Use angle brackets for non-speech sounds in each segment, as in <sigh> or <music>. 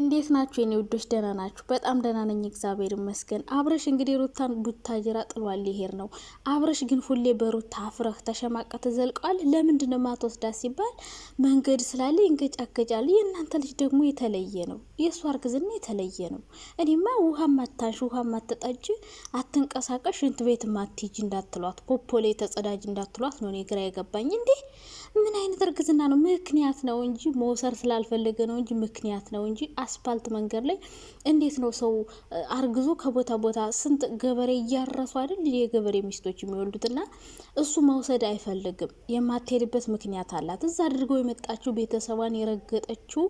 እንዴት ናችሁ የኔ ውዶች? ደህና ናችሁ? በጣም ደህና ነኝ፣ እግዚአብሔር ይመስገን። አብረሽ እንግዲህ ሩታን ቡታጅራ ጥሏል ሊሄድ ነው። አብረሽ ግን ሁሌ በሩታ አፍረህ ተሸማቀ ተዘልቀዋል። ለምንድን ነው የማትወስዳት ሲባል መንገድ ስላለ ይንገጫገጫል። የእናንተ ልጅ ደግሞ የተለየ ነው፣ የእሱ እርግዝና የተለየ ነው። እኔማ ውሃ ማታንሽ፣ ውሃ ማትጠጅ አትንቀሳቀሽ፣ ሽንት ቤት ማትጅ እንዳትሏት፣ ፖፖላ የተጸዳጅ እንዳትሏት ነው እኔ ግራ የገባኝ። እንዴ ምን አይነት እርግዝና ነው? ምክንያት ነው እንጂ መውሰር ስላልፈለገ ነው እንጂ ምክንያት ነው እንጂ አስፓልት መንገድ ላይ እንዴት ነው ሰው አርግዞ ከቦታ ቦታ ስንት ገበሬ እያረሱ አይደል የገበሬ ሚስቶች የሚወልዱትና እሱ መውሰድ አይፈልግም። የማትሄድበት ምክንያት አላት። እዛ አድርገው የመጣችው ቤተሰቧን የረገጠችው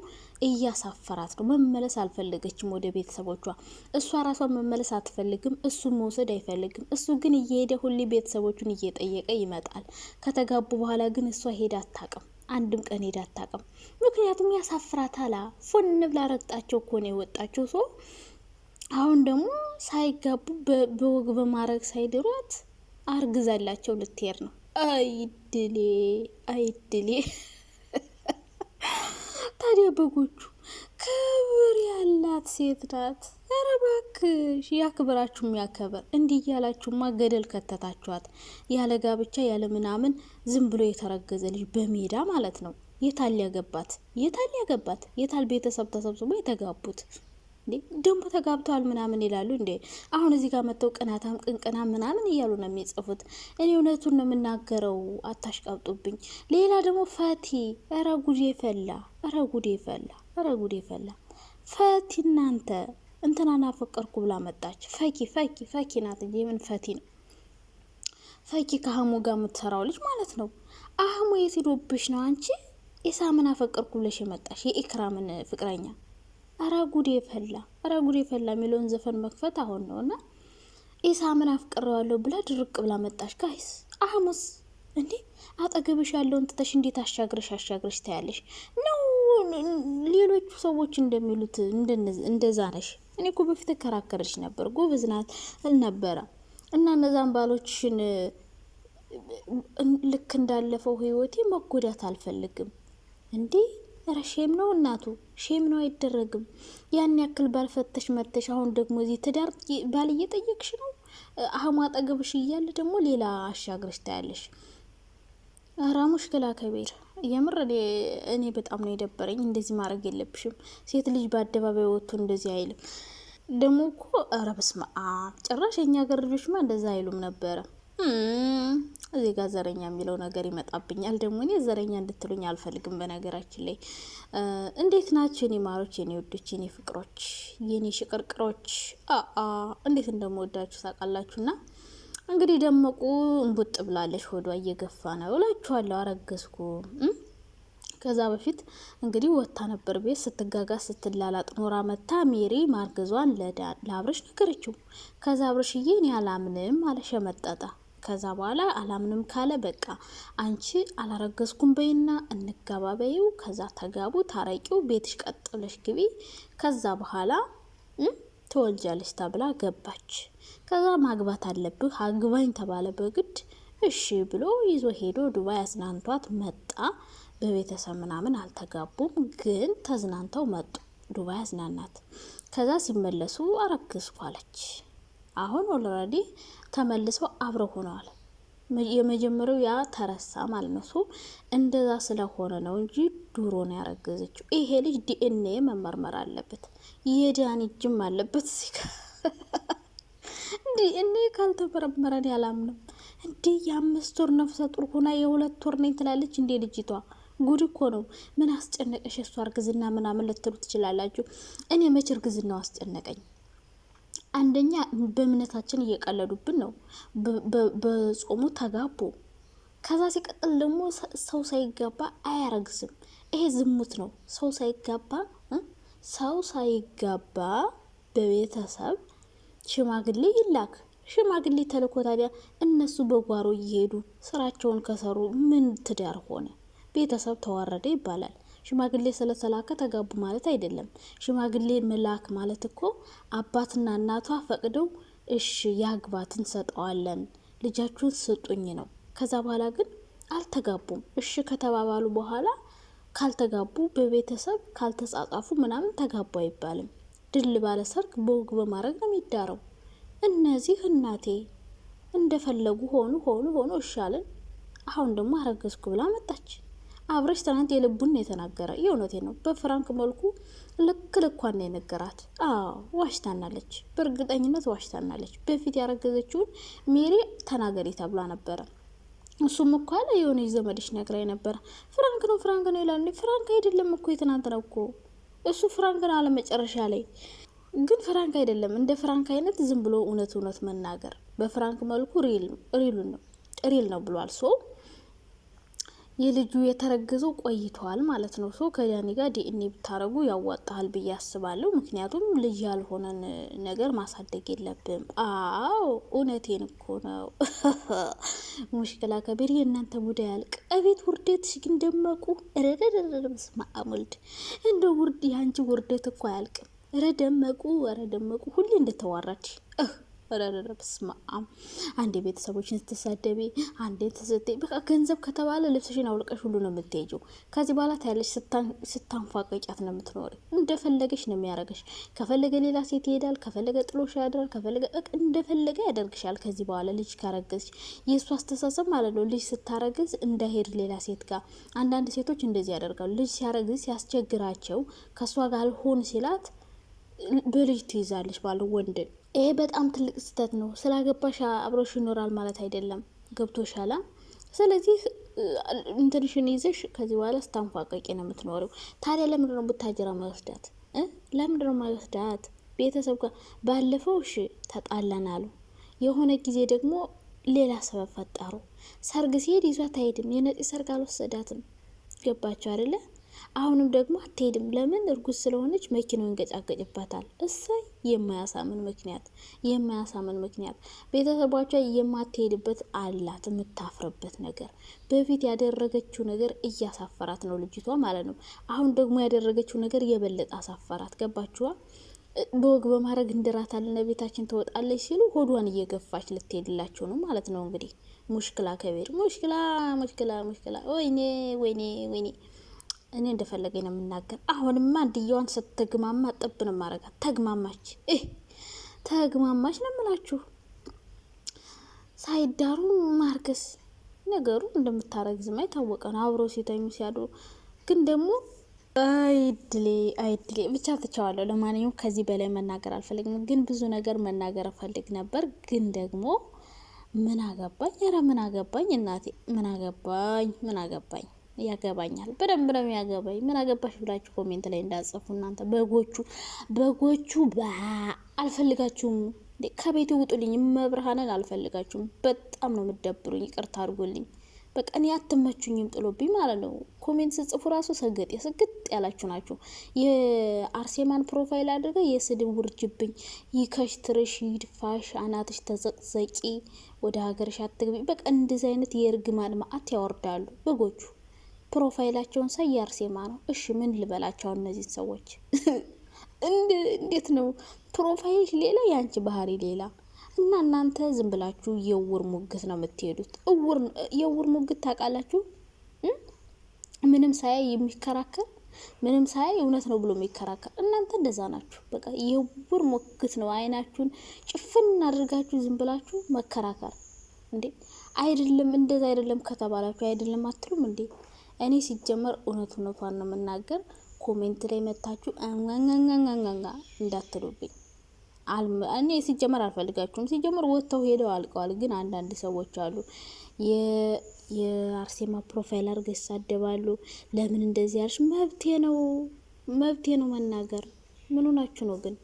እያሳፈራት ነው። መመለስ አልፈለገችም ወደ ቤተሰቦቿ። እሷ ራሷን መመለስ አትፈልግም፣ እሱን መውሰድ አይፈልግም። እሱ ግን እየሄደ ሁሌ ቤተሰቦቹን እየጠየቀ ይመጣል። ከተጋቡ በኋላ ግን እሷ ሄዳ አታውቅም። አንድም ቀን ሄዳ አታውቅም። ምክንያቱም ያሳፍራታል። ፎን ብላ ረግጣቸው ከሆነ የወጣቸው ሰው አሁን ደግሞ ሳይጋቡ በወግ በማድረግ ሳይድሯት አርግዛላቸው ልትሄድ ነው። አይድሌ አይድሌ! <laughs> ታዲያ በጎቹ ክብር ያላት ሴት ናት። እባክሽ ያክብራችሁ የሚያከብር እንዲህ እያላችሁማ ገደል ከተታችኋት። ያለ ጋብቻ ያለ ምናምን ዝም ብሎ የተረገዘ ልጅ በሜዳ ማለት ነው። የታል ያገባት የታል ያገባት የታል ቤተሰብ ተሰብስቦ የተጋቡት እንዴ ተጋብተዋል ምናምን ይላሉ። እንዴ አሁን እዚህ ጋር መጥተው ቅናታም ቅንቅና ምናምን እያሉ ነው የሚጽፉት። እኔ እውነቱን ነው የምናገረው፣ አታሽቃብጡብኝ። ሌላ ደግሞ ፈቲ፣ ኧረ ጉዴ ፈላ፣ ኧረ ጉዴ ፈላ፣ ኧረ ጉዴ ፈላ ፈቲ እናንተ እንትና ናፈቀርኩ ብላ መጣች። ፈኪ ፈኪ ፈኪ ናት እንጂ ምን ፈቲ ነው ፈኪ ከአህሙ ጋር የምትሰራው ልጅ ማለት ነው። አህሙ የት ሄዶብሽ ነው አንቺ ኢሳምን አፈቀርኩ ብለሽ የመጣሽ የኢክራምን ፍቅረኛ? አረ ጉዴ ፈላ፣ አረ ጉዴ ፈላ የሚለውን ዘፈን መክፈት አሁን ነው እና ኢሳምን አፍቅሬዋለሁ ብላ ድርቅ ብላ መጣሽ። ጋይስ አህሙስ እንዴ አጠገብሽ ያለውን ትተሽ እንዴት አሻግረሽ አሻግረሽ ታያለሽ ነው ሌሎቹ ሰዎች እንደሚሉት እንደዛ ነሽ። እኔ እኮ በፊት እከራከርሽ ነበር፣ ጎበዝ ናት አልነበረ እና እነዛን ባሎችን ልክ እንዳለፈው ህይወቴ መጎዳት አልፈልግም። እንዴ ኧረ ሼም ነው እናቱ፣ ሼም ነው አይደረግም። ያን ያክል ባልፈተሽ መተሽ አሁን ደግሞ እዚህ ትዳር ባል እየጠየቅሽ ነው። አህሙ አጠገብሽ እያለ ደግሞ ሌላ አሻግረሽ ታያለሽ። አራ ሙሽክላ ከቤር የምር እኔ በጣም ነው የደበረኝ። እንደዚህ ማድረግ የለብሽም ሴት ልጅ በአደባባይ ወጥቶ እንደዚህ አይልም። ደግሞ እኮ ኧረ በስመ አብ ጭራሽ የኛ ሀገር ልጆችማ እንደዚ አይሉም ነበረ። እዚህ ጋር ዘረኛ የሚለው ነገር ይመጣብኛል። ደግሞ እኔ ዘረኛ እንድትሉኝ አልፈልግም። በነገራችን ላይ እንዴት ናቸው የኔ ማሮች፣ የኔ ወዶች፣ የኔ ፍቅሮች፣ የኔ ሽቅርቅሮች? እንዴት እንደምወዳችሁ ታውቃላችሁና እንግዲህ ደመቁ እንቡጥ ብላለች። ሆዷ እየገፋ ነው እላችኋለሁ። አረገዝኩ ከዛ በፊት እንግዲህ ወታ ነበር ቤት ስትጋጋ ስትላላጥ ኖራ መታ ሜሪ ማርገዟን ለአብረሽ ነገረችው። ከዛ አብረሽዬ እኔ አላምንም አለሸ ሸመጠጠ። ከዛ በኋላ አላምንም ካለ በቃ አንቺ አላረገዝኩም በይና እንጋባ በይው። ከዛ ተጋቡ ታረቂው፣ ቤትሽ ቀጥ ብለሽ ግቢ። ከዛ በኋላ ትወልጃለች ተብላ ገባች። ከዛ ማግባት አለብህ አግባኝ ተባለ በግድ እሺ ብሎ ይዞ ሄዶ ዱባይ አዝናንቷት መጣ። በቤተሰብ ምናምን አልተጋቡም፣ ግን ተዝናንተው መጡ። ዱባይ አዝናናት። ከዛ ሲመለሱ አረግዝኩ አሁን ኦልሬዲ ተመልሰው አብረው ሆነዋል። የመጀመሪያው ያ ተረሳ ማለት ነው። እሱ እንደዛ ስለሆነ ነው እንጂ ዱሮ ነው ያረገዘችው። ይሄ ልጅ ዲኤንኤ መመርመር አለበት። የዳኒ እጅም አለበት ዲኤንኤ <laughs> ካልተመረመረን ያላምንም። እንዴ የአምስት ወር ነፍሰ ጡር ሆና የሁለት ወር ነኝ ትላለች። እንዴ ልጅቷ ጉድ እኮ ነው። ምን አስጨነቀሽ? እሷ እርግዝና ምናምን ልትሉ ትችላላችሁ። እኔ መቼ እርግዝናው አስጨነቀኝ? አንደኛ በእምነታችን እየቀለዱብን ነው። በጾሙ ተጋቡ። ከዛ ሲቀጥል ደግሞ ሰው ሳይጋባ አያረግዝም። ይሄ ዝሙት ነው። ሰው ሳይጋባ ሰው ሳይጋባ በቤተሰብ ሽማግሌ ይላክ። ሽማግሌ ተልኮ ታዲያ እነሱ በጓሮ እየሄዱ ስራቸውን ከሰሩ ምን ትዳር ሆነ? ቤተሰብ ተዋረደ ይባላል። ሽማግሌ ስለተላከ ተጋቡ ማለት አይደለም። ሽማግሌ መላክ ማለት እኮ አባትና እናቷ ፈቅደው እሺ ያግባት እንሰጠዋለን፣ ልጃችሁን ስጡኝ ነው። ከዛ በኋላ ግን አልተጋቡም። እሺ ከተባባሉ በኋላ ካልተጋቡ በቤተሰብ ካልተጻጻፉ ምናምን ተጋቡ አይባልም። ድል ባለ ሰርግ በወግ በማድረግ ነው የሚዳረው። እነዚህ እናቴ እንደፈለጉ ሆኑ ሆኑ ሆኑ እሻልን አሁን ደግሞ አረገዝኩ ብላ መጣች። አብርሽ ትናንት የልቡን የተናገረ። የእውነቴ ነው። በፍራንክ መልኩ ልክ ልኳን ነው የነገራት። አዎ ዋሽታናለች፣ በእርግጠኝነት ዋሽታናለች። በፊት ያረገዘችውን ሜሪ ተናገሪ ተብላ ነበረ። እሱም እኮ አለ የሆነ ዘመድሽ ነግራኝ ነበረ። ፍራንክ ነው ፍራንክ ነው ይላል። ፍራንክ አይደለም እኮ ነው እኮ እሱ ፍራንክ ነው አለ መጨረሻ ላይ ግን ፍራንክ አይደለም። እንደ ፍራንክ አይነት ዝም ብሎ እውነት እውነት መናገር በፍራንክ መልኩ ሪል ነው ሪል ነው ብሏል ሶ የልጁ የተረገዘው ቆይተዋል ማለት ነው። ሶ ከዳኒ ጋር ዲኤንኤ ብታረጉ ያዋጣል ብዬ አስባለሁ። ምክንያቱም ልጅ ያልሆነን ነገር ማሳደግ የለብም። አዎ እውነቴን እኮ ነው። <laughs> ሙሽክላ ከቤር የእናንተ ሙዳ ያልቅ አቤት ውርደትሽ ግን ደመቁ። ረደረረ ማአሙልድ እንደ ውርድ የአንቺ ውርደት እኮ አያልቅም። ረደመቁ ረደመቁ ሁሌ እንደተዋራች ረረረ በስመ አንዴ ቤተሰቦችን ስትሳደቤ አንዴ ስትይ፣ በቃ ገንዘብ ከተባለ ልብስሽን አውልቀሽ ሁሉ ነው የምትሄጂው። ከዚህ በኋላ ታያለሽ፣ ስታንፏቀቂያት ነው የምትኖሪ። እንደፈለገሽ ነው የሚያረገሽ። ከፈለገ ሌላ ሴት ይሄዳል፣ ከፈለገ ጥሎሽ ያድራል፣ ከፈለገ እንደፈለገ ያደርግሻል። ከዚህ በኋላ ልጅ ካረገዝሽ የእሱ አስተሳሰብ ማለት ነው። ልጅ ስታረግዝ እንዳይሄድ ሌላ ሴት ጋር። አንዳንድ ሴቶች እንደዚህ ያደርጋሉ። ልጅ ሲያረግዝ ሲያስቸግራቸው ከእሷ ጋር አልሆን ሲላት በልጅ ትይዛለች ባለ ወንድ ይሄ በጣም ትልቅ ስህተት ነው። ስላገባሽ አብሮሽ ይኖራል ማለት አይደለም። ገብቶሻላ። ስለዚህ እንትንሽን ይዘሽ ከዚህ በኋላ ስታንፏቀቂ ነው የምትኖሪው። ታዲያ ለምንድን ነው ቡታጅራ መወስዳት? ለምንድን ነው መወስዳት? ቤተሰብ ጋር ባለፈው እሺ ተጣለን አሉ። የሆነ ጊዜ ደግሞ ሌላ ሰበብ ፈጠሩ። ሰርግ ሲሄድ ይዟት አይሄድም። የነፂ ሰርግ አልወሰዳትም። ገባቸው አይደለ? አሁንም ደግሞ አትሄድም። ለምን? እርጉዝ ስለሆነች መኪናው ይንገጫገጭባታል። እሰይ! የማያሳምን ምክንያት የማያሳምን ምክንያት ቤተሰቦቿ የማትሄድበት አላት፣ የምታፍርበት ነገር። በፊት ያደረገችው ነገር እያሳፈራት ነው ልጅቷ ማለት ነው። አሁን ደግሞ ያደረገችው ነገር የበለጠ አሳፈራት። ገባችዋ? በወግ በማድረግ እንድራታለን ቤታችን ትወጣለች ሲሉ ሆዷን እየገፋች ልትሄድላቸው ነው ማለት ነው። እንግዲህ ሙሽክላ ከቤር ሙሽክላ ሙሽክላ ሙሽክላ ወይኔ ወይኔ ወይኔ እኔ እንደፈለገኝ ነው የምናገር። አሁንማ እንድየዋን ስትግማማ ጥብ ነው ማረጋት። ተግማማች ተግማማች ነው የምላችሁ። ሳይዳሩ ማርክስ ነገሩ እንደምታረግዝማ የታወቀ ነው። አብሮ ሲተኙ ሲያድሩ ግን ደግሞ አይድሌ አይድሌ ብቻ ትቸዋለሁ። ለማንኛውም ከዚህ በላይ መናገር አልፈልግም፣ ግን ብዙ ነገር መናገር እፈልግ ነበር። ግን ደግሞ ምን አገባኝ፣ ኧረ ምን አገባኝ እናቴ፣ ምን አገባኝ፣ ምን አገባኝ። ያገባኛል በደንብ ነው ያገባኝ። ምን አገባሽ ብላችሁ ኮሜንት ላይ እንዳጸፉ እናንተ በጎቹ በጎቹ አልፈልጋችሁም። ከቤት ውጡልኝ። መብርሃንን አልፈልጋችሁም። በጣም ነው የምደብሩኝ። ይቅርታ አድርጎልኝ። በቃ እኔ አትመቹኝም፣ ጥሎብኝ ማለት ነው። ኮሜንት ስጽፉ ራሱ ሰገጥ ስግጥ ያላችሁ ናችሁ። የአርሴማን ፕሮፋይል አድርገ የስድብ ውርጅብኝ፣ ትርሽ፣ ይድፋሽ፣ አናትሽ ተዘቅዘቂ፣ ወደ ሀገርሽ አትግቢ። በቃ እንደዚህ አይነት የእርግማን መዓት ያወርዳሉ በጎቹ። ፕሮፋይላቸውን ሳይ የአርሴማ ነው። እሺ ምን ልበላቸው እነዚህ ሰዎች? <laughs> እንዴት ነው ፕሮፋይል ሌላ፣ የአንቺ ባህሪ ሌላ እና እናንተ ዝም ብላችሁ የውር ሙግት ነው የምትሄዱት። የውር ሙግት ታውቃላችሁ? ምንም ሳያይ የሚከራከር ምንም ሳያይ እውነት ነው ብሎ የሚከራከር እናንተ እንደዛ ናችሁ። በቃ የውር ሙግት ነው። አይናችሁን ጭፍን አድርጋችሁ ዝም ብላችሁ መከራከር እንዴ! አይደለም እንደዛ አይደለም ከተባላችሁ አይደለም አትሉም እንዴ? እኔ ሲጀመር እውነት እውነቷን ነው የምናገር። ኮሜንት ላይ መታችሁ አንጋንጋንጋንጋንጋ እንዳትሉብኝ። እኔ ሲጀመር አልፈልጋችሁም። ሲጀመር ወጥተው ሄደው አልቀዋል። ግን አንዳንድ ሰዎች አሉ የአርሴማ ፕሮፋይል አድርገው ይሳደባሉ። ለምን እንደዚህ ያልሽ? መብቴ ነው መብቴ ነው መናገር። ምን ሆናችሁ ነው ግን?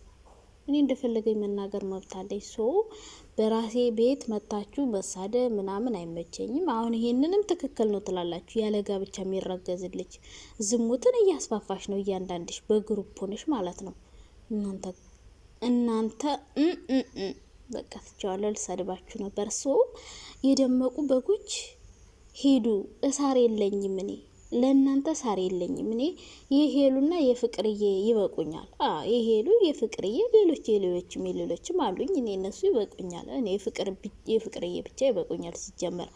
እኔ እንደፈለገኝ መናገር መብት አለኝ። ሰው በራሴ ቤት መታችሁ መሳደ ምናምን አይመቸኝም። አሁን ይሄንንም ትክክል ነው ትላላችሁ። ያለ ጋብቻ የሚረገዝልች ዝሙትን እያስፋፋሽ ነው እያንዳንድሽ በግሩፕ ሆነሽ ማለት ነው። እናንተ እናንተ በቃ ትቸዋለሁ። ልሰድባችሁ ነበር። ሶ የደመቁ በጎች ሄዱ። እሳር የለኝም እኔ ለእናንተ ሳር የለኝም። እኔ የሄሉና የፍቅርዬ ይበቁኛል። የሄሉ የፍቅርዬ፣ ሌሎች የሌሎችም የሌሎችም አሉኝ። እኔ እነሱ ይበቁኛል። እኔ የፍቅርዬ ብቻ ይበቁኛል። ሲጀመር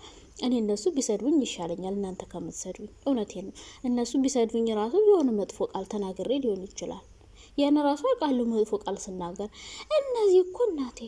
እኔ እነሱ ቢሰድቡኝ ይሻለኛል እናንተ ከምትሰድቡኝ። እውነቴን ነው። እነሱ ቢሰድቡኝ ራሱ የሆነ መጥፎ ቃል ተናግሬ ሊሆን ይችላል። ያን ራሱ አውቃለሁ። መጥፎ ቃል ስናገር እነዚህ እኮ እናቴ